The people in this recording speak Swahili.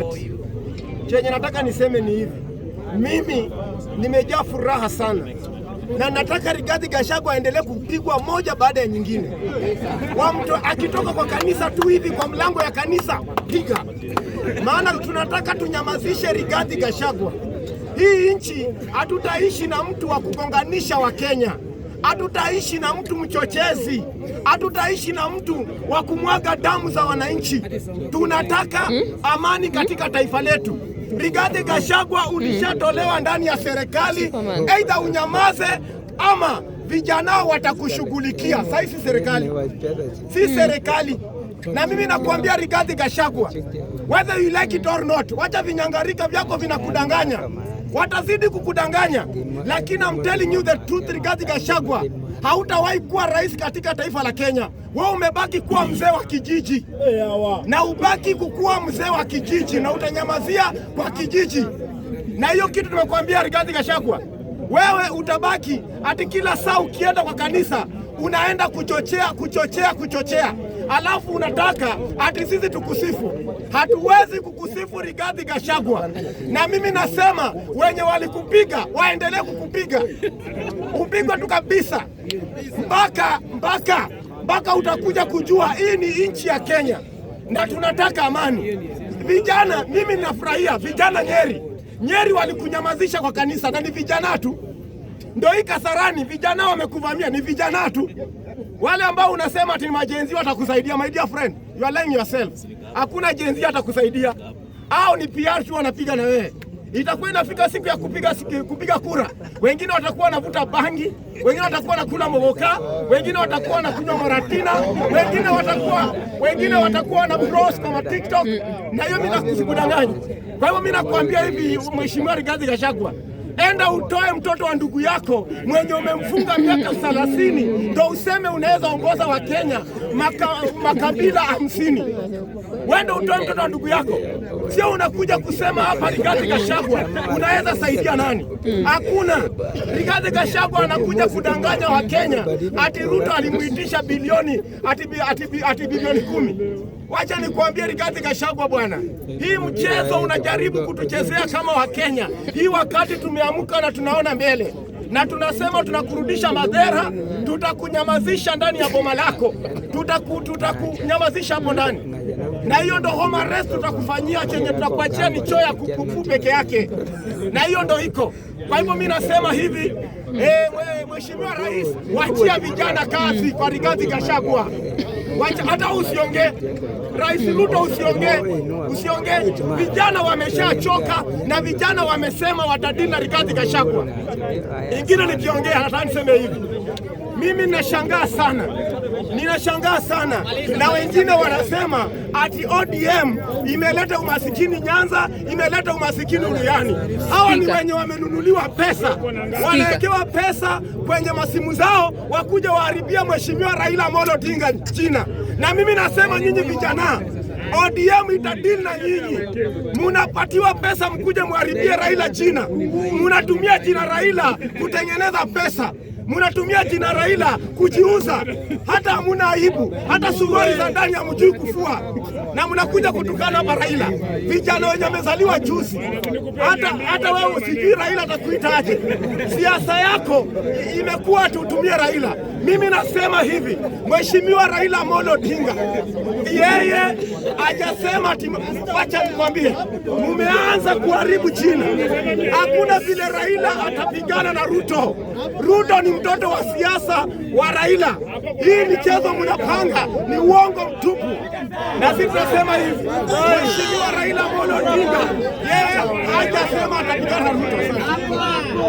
bahati. Chenye nataka niseme ni hivi, mimi nimejaa furaha sana na nataka Rigathi Gachagua aendelee kupigwa moja baada ya nyingine. wa mtu akitoka kwa kanisa tu hivi kwa mlango ya kanisa piga, maana tunataka tunyamazishe Rigathi Gachagua. Hii nchi hatutaishi na mtu wa kugonganisha Wakenya. Hatutaishi na mtu mchochezi, hatutaishi na mtu wa kumwaga damu za wananchi. Tunataka hmm? amani katika taifa letu. Rigathi Gachagua, hmm. ulishatolewa ndani ya serikali, aidha unyamaze ama vijana watakushughulikia. Sasa si serikali, si hmm. serikali. Na mimi nakuambia Rigathi Gachagua, whether you like it or not, wacha vinyangarika vyako vinakudanganya watazidi kukudanganya, lakini I'm telling you the truth. regarding Gachagua, hautawahi kuwa rais katika taifa la Kenya. Wewe umebaki kuwa mzee wa kijiji, na ubaki kukuwa mzee wa kijiji, na utanyamazia kwa kijiji, na hiyo kitu tumekuambia Rigathi Gachagua, wewe utabaki hati kila saa ukienda kwa kanisa unaenda kuchochea, kuchochea, kuchochea alafu unataka ati sisi tukusifu. Hatuwezi kukusifu Rigathi Gachagua, na mimi nasema wenye walikupiga waendelee kukupiga, upigwe tu kabisa mpaka mpaka mpaka utakuja kujua hii ni nchi ya Kenya na tunataka amani. Vijana, mimi ninafurahia vijana Nyeri. Nyeri walikunyamazisha kwa kanisa na ni vijana tu ndio hii Kasarani vijana wamekuvamia, ni vijana tu wale ambao unasema ati ni majenzi watakusaidia. My dear friend, you are lying yourself. Hakuna jenzi atakusaidia, au ni PR tu wanapiga na wewe. Itakuwa inafika siku ya kupiga, siku, kupiga kura, wengine watakuwa wanavuta bangi, wengine watakuwa wanakula moboka, wengine watakuwa wanakunywa maratina, wengine watakuwa wengine watakuwa na bros kama TikTok, na hiyo mimi nakusikudanganya. Kwa hivyo mimi nakwambia hivi, Mheshimiwa Rigathi Gachagua Enda utoe mtoto wa ndugu yako mwenye umemfunga miaka 30 ndo useme unaweza ongoza kenya maka, makabila hamsini. Wende utoe mtoto wa ndugu yako, sio unakuja kusema hapa Rigathi Gachagua unaweza saidia nani? Hakuna. Rigathi Gachagua anakuja kudanganya wa kenya ati Ruto alimuitisha bilioni ati, ati, ati bilioni kumi. Wacha nikuambie Rigathi Gachagua bwana, hii mchezo unajaribu kutuchezea kama Wakenya. Hii wakati tumeamka na tunaona mbele na tunasema tunakurudisha madhera, tutakunyamazisha ndani ya boma lako, tutakunyamazisha hapo ndani, na hiyo ndo home arrest tutakufanyia, chenye tutakuachia ni choo ya kukupu peke yake, na hiyo ndo iko. Kwa hivyo mi nasema hivi Hey, eh, Mheshimiwa Rais, wachia vijana kazi kwa Rigathi Gachagua. Wacha hata usiongee Rais Ruto, usiongee usiongee, vijana wameshachoka na vijana wamesema watadili na Rigathi Gachagua. Ingine nikiongea hata niseme hivi mimi ninashangaa sana, ninashangaa sana, na wengine wanasema ati ODM imeleta umasikini Nyanza, imeleta umasikini Uliani. Hawa ni wenye wamenunuliwa pesa, wanawekewa pesa kwenye masimu zao, wakuja waharibia mheshimiwa Raila Amolo Odinga jina. Na mimi nasema nyinyi vijana ODM itadili na nyinyi. Munapatiwa pesa mkuje muharibie Raila jina, munatumia jina Raila kutengeneza pesa mnatumia jina Raila kujiuza, hata hamuna aibu, hata suruali za ndani hamjui kufua, na mnakuja kutukana hapa Raila, vijana wenye wamezaliwa juzi. Hata hata wewe sijui Raila atakuita aje. Siasa yako imekuwa tutumie Raila mimi nasema hivi, Mheshimiwa Raila Amolo Odinga yeye ajasema ati, wacha nikwambie, mumeanza kuharibu jina. Hakuna vile Raila atapigana na Ruto. Ruto ni mtoto wa siasa wa Raila. Hii michezo mnapanga ni uongo mtupu, na sisi tunasema hivi, Mheshimiwa Raila Amolo Odinga yeye hajasema atapigana na Ruto.